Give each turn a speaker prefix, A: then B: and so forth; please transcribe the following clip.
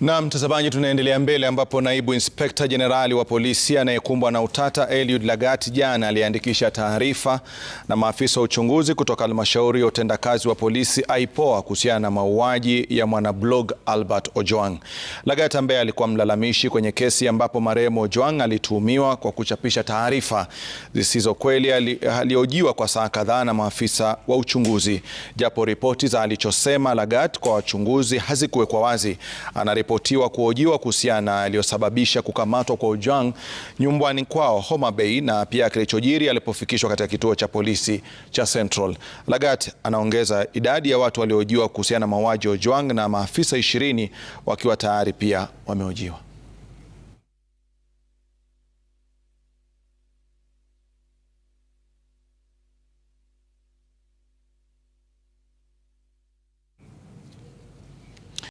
A: Na mtazamaji, tunaendelea mbele ambapo naibu inspekta jenerali wa polisi anayekumbwa na utata Eliud Lagat jana aliandikisha taarifa na maafisa wa uchunguzi kutoka halmashauri ya utendakazi wa polisi IPOA kuhusiana na mauaji ya mwanablog Albert Ojwang. Lagat ambaye alikuwa mlalamishi kwenye kesi ambapo marehemu Ojwang alituhumiwa kwa kuchapisha taarifa zisizo kweli, aliojiwa kwa saa kadhaa na maafisa wa uchunguzi, japo ripoti za alichosema Lagat kwa wachunguzi hazikuwekwa wazi. Ana ameripotiwa kuhojiwa kuhusiana na yaliyosababisha kukamatwa kwa Ojwang nyumbani kwao Homa Bay na pia kilichojiri alipofikishwa katika kituo cha polisi cha Central. Lagat anaongeza idadi ya watu waliohojiwa kuhusiana na mauaji ya Ojwang na maafisa ishirini wakiwa tayari pia wamehojiwa.